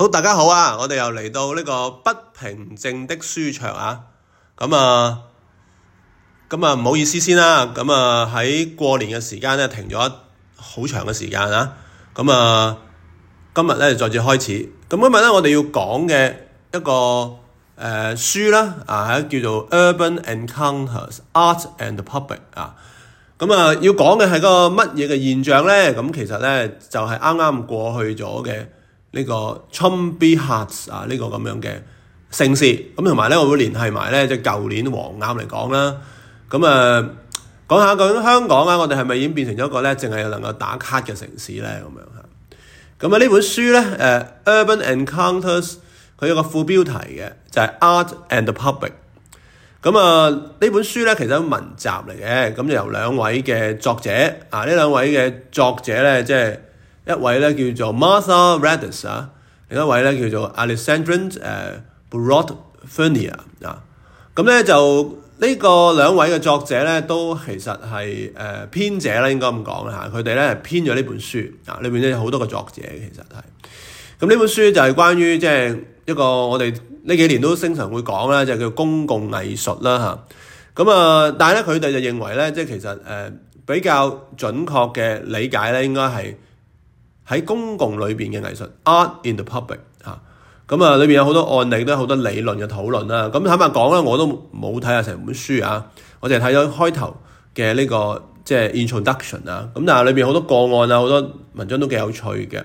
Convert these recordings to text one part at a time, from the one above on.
好，大家好啊！我哋又嚟到呢個不平靜的書場啊！咁啊，咁啊，唔好意思先啦。咁啊，喺過年嘅時間呢，停咗好長嘅時間啊！咁啊，今日咧，就再次開始。咁今日咧，我哋要講嘅一個誒、呃、書咧，啊係叫做 Urban Encounters: Art and the Public 啊。咁啊，啊，要講嘅係個乜嘢嘅現象咧？咁其實咧，就係啱啱過去咗嘅。呢個 Chubby Hearts 啊，呢、呢個咁樣嘅城市，咁同埋咧，我會連係埋咧，即係舊年黃鴨嚟講啦，咁啊講下究竟香港啊，我哋係咪已經變成咗一個咧，淨係能夠打卡嘅城市咧？咁樣嚇，咁啊呢本書咧，誒《Urban Encounters》，佢有個副標題嘅，就係、係、Art and the Public。咁啊，呢本書咧其實係文集嚟嘅，咁就由兩位嘅作者啊，呢兩位嘅作者咧，即係。一位咧叫做 Martha Radice 啊，另一位咧叫做 Alexandrine、呃、誒 Boudreault-Fournier a 啊，咁咧就呢、這個兩位嘅作者咧都其實係誒、呃、編者啦，應該咁講啦嚇，佢哋咧編咗呢本書啊，裏面咧，有好多個作者其實係，咁、啊、呢本書就係關於即係一個我哋呢幾年都經常會講啦，就係、叫公共藝術啦吓咁啊，但係咧佢哋就認為咧，即係其實誒、呃、比較準確嘅理解咧，應該係。喺公共裏邊嘅藝術，art in the public，嚇。咁啊，裏、嗯、邊有好多案例，都係好多理論嘅討論啦。咁、啊、坦白講咧，我都冇睇下成本書啊，我、這個、淨係、是、睇咗開頭嘅呢個即係 introduction 啦、啊。咁、嗯、但係裏邊好多個案啊，好多文章都幾有趣嘅。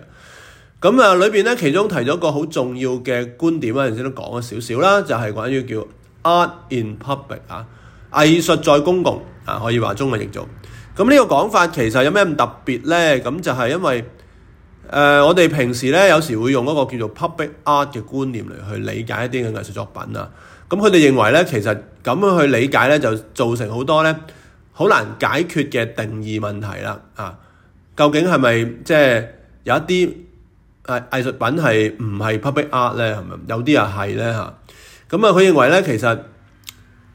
咁啊，裏邊咧其中提咗個好重要嘅觀點啦，頭、啊、先都講咗少少啦，就係、是、關於叫 art in public 啊，藝術在公共啊，可以話中文譯做。咁、啊、呢、嗯這個講法其實有咩咁特別咧？咁就係因為誒、呃，我哋平時咧有時會用一個叫做 public art 嘅觀念嚟去理解一啲嘅藝術作品啦。咁佢哋認為咧，其實咁樣去理解咧，就造成好多咧好難解決嘅定義問題啦。啊，究竟係咪即係有一啲藝藝術品係唔係 public art 咧？係咪有啲又係咧嚇？咁啊，佢、啊、認為咧，其實誒、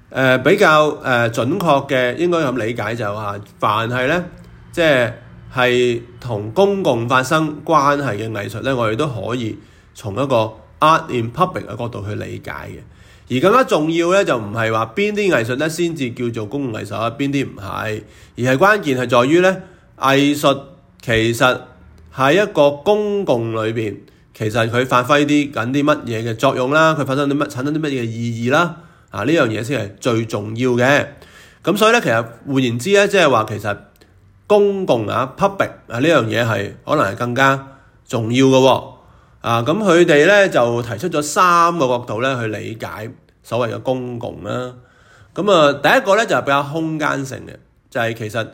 呃、比較誒、呃、準確嘅應該咁理解就係、是、凡係咧即係。就是係同公共發生關係嘅藝術咧，我哋都可以從一個 art in public 嘅角度去理解嘅。而更加重要咧，就唔係話邊啲藝術咧先至叫做公共藝術啊，邊啲唔係，而係關鍵係在於咧，藝術其實喺一個公共裏邊，其實佢發揮啲緊啲乜嘢嘅作用啦，佢發生啲乜產生啲乜嘢嘅意義啦。啊，呢樣嘢先係最重要嘅。咁所以咧，其實換言之咧，即係話其實。公共啊，public 啊，呢樣嘢係可能係更加重要嘅喎、哦。啊，咁佢哋咧就提出咗三個角度咧去理解所謂嘅公共啦、啊。咁啊，第一個咧就係、是、比較空間性嘅，就係、是、其實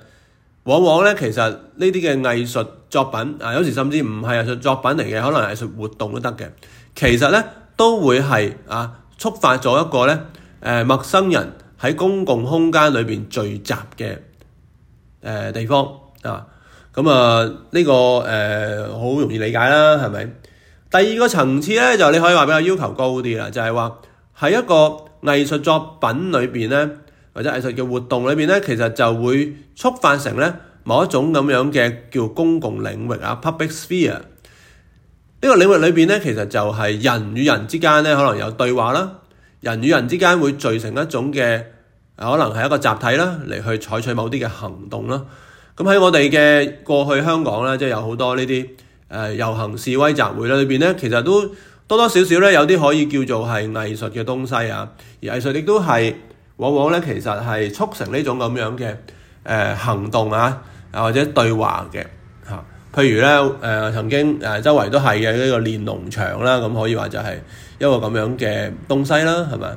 往往咧其實呢啲嘅藝術作品啊，有時甚至唔係藝術作品嚟嘅，可能藝術活動都得嘅。其實咧都會係啊觸發咗一個咧誒、呃、陌生人喺公共空間裏邊聚集嘅誒地方啊，咁啊呢個誒好、呃、容易理解啦，係咪？第二個層次咧，就你可以話比較要求高啲啦，就係話喺一個藝術作品裏邊咧，或者藝術嘅活動裏邊咧，其實就會觸發成咧某一種咁樣嘅叫公共領域啊 （public sphere）。呢、這個領域裏邊咧，其實就係人與人之間咧，可能有對話啦，人與人之間會聚成一種嘅。可能係一個集體啦，嚟去採取某啲嘅行動啦。咁喺我哋嘅過去香港咧，即係有好多呢啲誒遊行示威集會啦，裏邊咧其實都多多少少咧有啲可以叫做係藝術嘅東西啊。而藝術亦都係往往咧其實係促成呢種咁樣嘅誒行動啊，或者對話嘅嚇。譬如咧誒曾經誒周圍都係嘅呢個連儂牆啦，咁可以話就係一個咁樣嘅東西啦，係咪？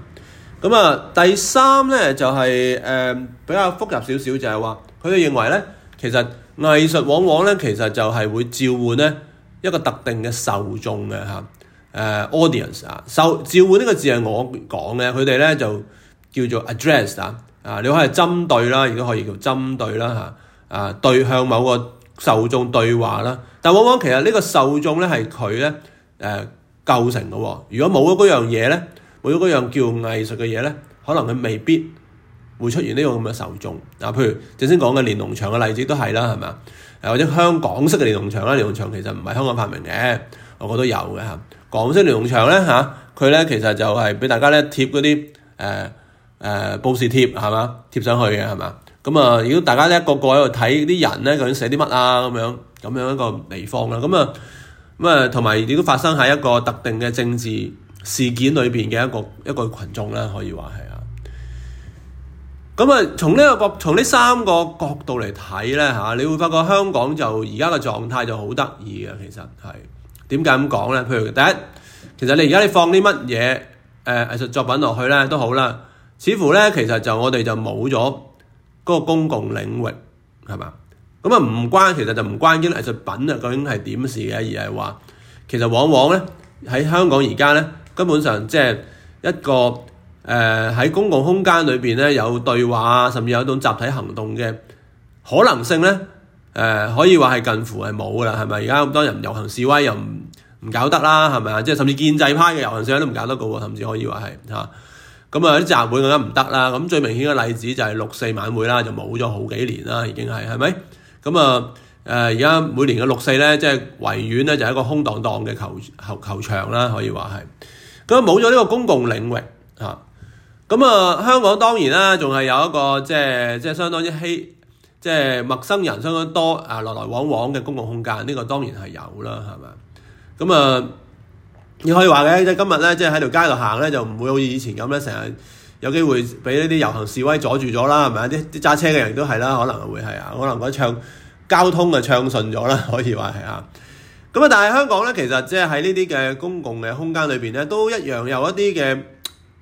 咁啊，第三咧就係、是、誒、呃、比較複雜少少，就係話佢哋認為咧，其實藝術往往咧，其實就係會召喚咧一個特定嘅受眾嘅嚇誒 audience 啊，召召喚呢個字係我講嘅，佢哋咧就叫做 address 啊啊，你可以針對啦，亦都可以叫針對啦嚇啊，對向某個受眾對話啦、啊。但往往其實呢個受眾咧係佢咧誒構成嘅喎、啊，如果冇咗嗰樣嘢咧。如果嗰樣叫藝術嘅嘢咧，可能佢未必會出現呢個咁嘅受眾。嗱、啊，譬如正先講嘅連儂牆嘅例子都係啦，係嘛？誒、啊、或者香港式嘅連儂牆啦，連儂牆其實唔係香港發明嘅，我覺得有嘅嚇、啊。港式連儂牆咧嚇，佢、啊、咧其實就係俾大家咧貼嗰啲誒誒報事貼係嘛，貼上去嘅係嘛。咁啊，如果大家咧個個喺度睇啲人咧究竟寫啲乜啊咁樣，咁樣一個地方啦。咁啊咁啊，同埋如果發生喺一個特定嘅政治事件裏邊嘅一個一個群眾啦，可以話係啊。咁啊、這個，從呢個角，從呢三個角度嚟睇咧嚇，你會發覺香港就而家嘅狀態就好得意嘅。其實係點解咁講咧？譬如第一，其實你而家你放啲乜嘢誒藝術作品落去咧都好啦，似乎咧其實就我哋就冇咗嗰個公共領域係嘛。咁啊唔關，其實就唔關啲藝術品啊，究竟係點事嘅，而係話其實往往咧喺香港而家咧。根本上即係一個誒喺、呃、公共空間裏邊咧有對話啊，甚至有一種集體行動嘅可能性咧，誒、呃、可以話係近乎係冇噶啦，係咪？而家咁多人遊行示威又唔唔搞得啦，係咪啊？即係甚至建制派嘅遊行示威都唔搞得個喎，甚至可以話係嚇。咁啊啲集會更加唔得啦。咁、啊、最明顯嘅例子就係六四晚會啦，就冇咗好幾年啦，已經係係咪？咁啊誒而家每年嘅六四咧，即、就、係、是、維園咧就係一個空蕩蕩嘅球球球場啦，可以話係。咁冇咗呢個公共領域嚇，咁啊香港當然啦，仲係有一個即係即係相當之稀，即係陌生人相當多啊來來往往嘅公共空間，呢個當然係有啦，係咪？咁、嗯、啊，你可以話嘅即係今日咧，即係喺條街度行咧就唔會好似以前咁咧，成日有機會俾呢啲遊行示威阻住咗啦，係咪？啲啲揸車嘅人都係啦，可能會係啊，可能嗰場交通啊暢順咗啦，可以話係啊。咁啊、嗯！但係香港咧，其實即係喺呢啲嘅公共嘅空間裏邊咧，都一樣有一啲嘅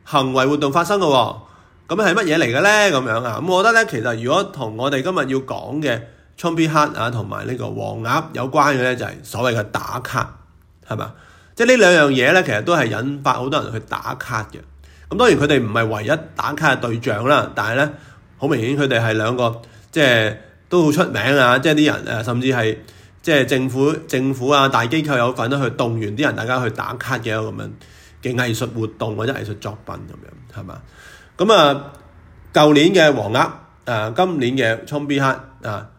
行為活動發生嘅、哦。咁係乜嘢嚟嘅咧？咁樣啊？咁、嗯、我覺得咧，其實如果同我哋今日要講嘅 Chubby Hearts 啊，同埋呢個黃鴨有關嘅咧，就係、是、所謂嘅打卡，係嘛？即係呢兩樣嘢咧，其實都係引發好多人去打卡嘅。咁、嗯、當然佢哋唔係唯一打卡嘅對象啦，但係咧，好明顯佢哋係兩個，即係都好出名啊！即係啲人誒，甚至係。即係政府政府啊，大機構有份都、啊、去動員啲人，大家去打卡嘅咁樣嘅藝術活動或者藝術作品咁樣，係嘛？咁啊，舊年嘅黃鴨啊，今年嘅 Chubby Hearts 啊，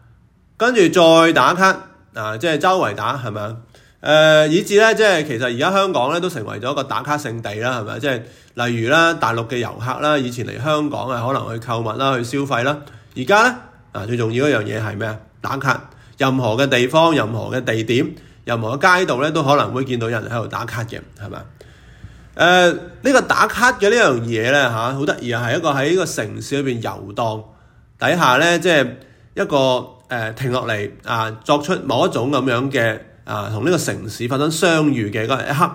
跟住再打卡啊，即係周圍打係嘛？誒、呃，以至咧，即係其實而家香港咧都成為咗一個打卡勝地啦，係咪？即係例如啦，大陸嘅遊客啦，以前嚟香港啊，可能去購物啦，去消費啦，而家咧啊，最重要一樣嘢係咩啊？打卡。任何嘅地方、任何嘅地點，任何嘅街道咧，都可能會見到人喺度打卡嘅，係嘛？誒、呃，呢、這個打卡嘅呢樣嘢咧，嚇好得意啊！係一個喺個城市裏邊遊蕩底下咧，即、就、係、是、一個誒、呃、停落嚟啊，作出某一種咁樣嘅啊，同呢個城市發生相遇嘅嗰一刻。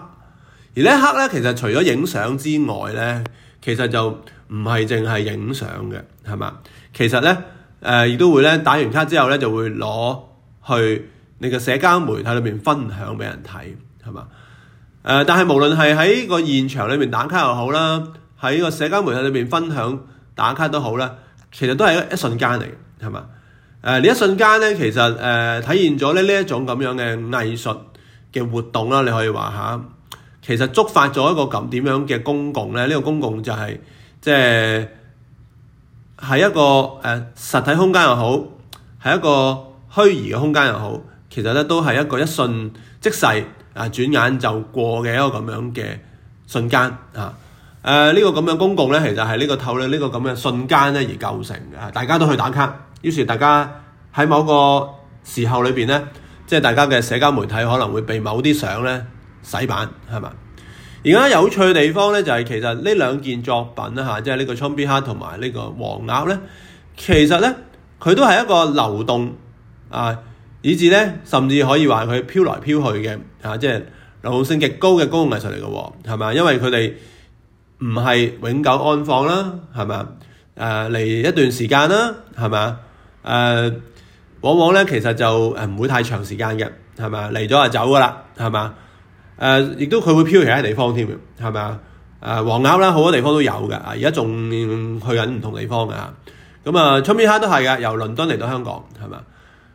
而呢一刻咧，其實除咗影相之外咧，其實就唔係淨係影相嘅，係嘛？其實咧誒，亦、呃、都會咧打完卡之後咧，就會攞。去你嘅社交媒體裏面分享俾人睇，係嘛？誒、呃，但係無論係喺個現場裏面打卡又好啦，喺個社交媒體裏面分享打卡都好啦，其實都係一瞬間嚟嘅，係嘛？誒、呃，呢一瞬間咧，其實誒、呃、體現咗咧呢一種咁樣嘅藝術嘅活動啦，你可以話吓，其實觸發咗一個咁點樣嘅公共咧，呢、這個公共就係即係係一個誒、呃、實體空間又好，係一個。虛擬嘅空間又好，其實咧都係一個一瞬即逝啊，轉眼就過嘅一個咁樣嘅瞬間啊。誒、呃、呢、呢個咁樣公共咧，其實係呢個透咧呢個咁嘅瞬間咧而構成嘅、啊，大家都去打卡，於是大家喺某個時候裏邊咧，即係大家嘅社交媒體可能會被某啲相咧洗版，係嘛？而家有趣嘅地方咧，就係、是其，啊、其實呢兩件作品啦即係呢個《Chubby Hearts》同埋呢個《黃鴨》咧，其實咧佢都係一個流動。啊！以至咧，甚至可以話佢漂來漂去嘅嚇、啊，即係流動性極高嘅公共藝術嚟嘅喎，係嘛？因為佢哋唔係永久安放啦，係嘛？誒、啊、嚟一段時間啦，係嘛？誒、啊、往往咧其實就誒唔會太長時間嘅，係嘛？嚟咗就走噶啦，係嘛？誒、啊、亦都佢會漂其他地方添嘅，係嘛？誒黃鴨啦，好多地方都有嘅，啊而家仲去緊唔同地方嘅嚇。咁啊，Chubby Hearts 都係嘅，由倫敦嚟到香港，係嘛？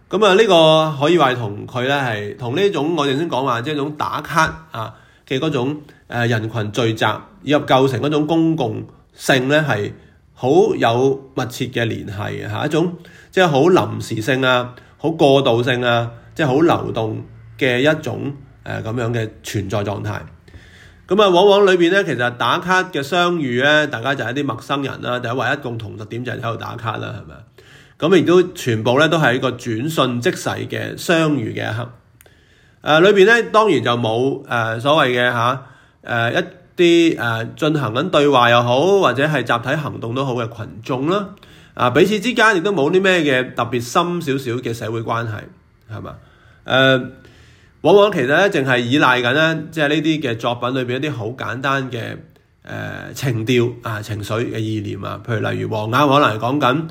咁啊，呢個可以話同佢咧係同呢種我哋先講話，即、就、係、是、一種打卡啊嘅嗰種、呃、人群聚集以及構成嗰種公共性咧，係好有密切嘅聯繫嘅嚇、啊、一種，即係好臨時性啊，好過渡性啊，即係好流動嘅一種誒咁、呃、樣嘅存在狀態。咁、嗯、啊，往往裏邊咧，其實打卡嘅相遇咧，大家就係一啲陌生人啦，就係、是、唯一共同特點就係喺度打卡啦，係咪？咁亦都全部咧都係一個轉瞬即逝嘅相遇嘅一刻。誒裏邊咧當然就冇誒、呃、所謂嘅嚇誒一啲誒、呃、進行緊對話又好，或者係集體行動都好嘅群眾啦。啊、呃、彼此之間亦都冇啲咩嘅特別深少少嘅社會關係，係嘛？誒、呃、往往其實咧淨係依賴緊咧，即係呢啲嘅作品裏邊一啲好簡單嘅誒、呃、情調啊情緒嘅意念啊，譬如例如黃鴨可能係講緊。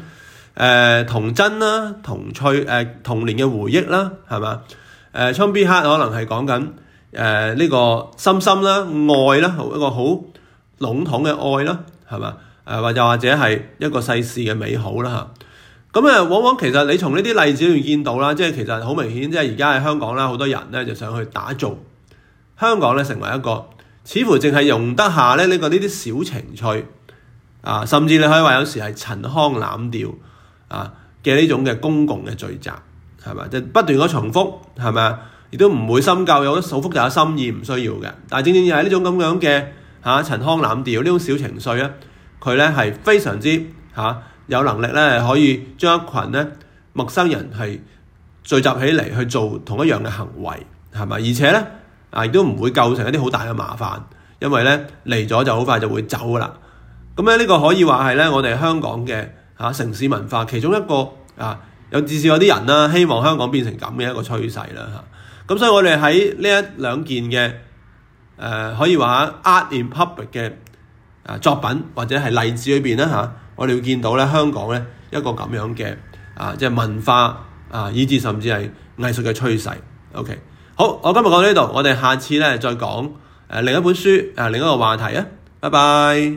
誒、呃、童真啦，童趣誒、呃、童年嘅回憶啦，係嘛？誒 Chubby Hearts 可能係講緊誒呢個心心啦，愛啦，一個好籠統嘅愛啦，係嘛？誒或又或者係一個世事嘅美好啦嚇。咁誒、呃，往往其實你從呢啲例子裏面見到啦，即係其實好明顯，即係而家喺香港啦，好多人咧就想去打造香港咧成為一個似乎淨係容得下咧呢個呢啲小情趣啊，甚至你可以話有時係陳腔濫調。啊嘅呢種嘅公共嘅聚集係咪？即係、就是、不斷咁重複係嘛，亦都唔會深究有啲好複雜嘅深意，唔需要嘅。但係正正就係呢種咁樣嘅吓、啊、陳腔濫調呢種小情緒咧，佢咧係非常之吓、啊、有能力咧可以將一群咧陌生人係聚集起嚟去做同一樣嘅行為係咪？而且咧啊亦都唔會構成一啲好大嘅麻煩，因為咧嚟咗就好快就會走啦。咁咧呢個可以話係咧我哋香港嘅。嚇、啊、城市文化，其中一個啊，有至少有啲人啦、啊，希望香港變成咁嘅一個趨勢啦嚇。咁、啊、所以我哋喺呢一兩件嘅誒、啊，可以話 art in public 嘅啊作品啊或者係例子裏邊咧嚇，我哋會見到咧香港咧一個咁樣嘅啊即係文化啊，以至甚至係藝術嘅趨勢。OK，好，我今日講到呢度，我哋下次咧再講誒、啊、另一本書啊另一個話題啊，拜拜。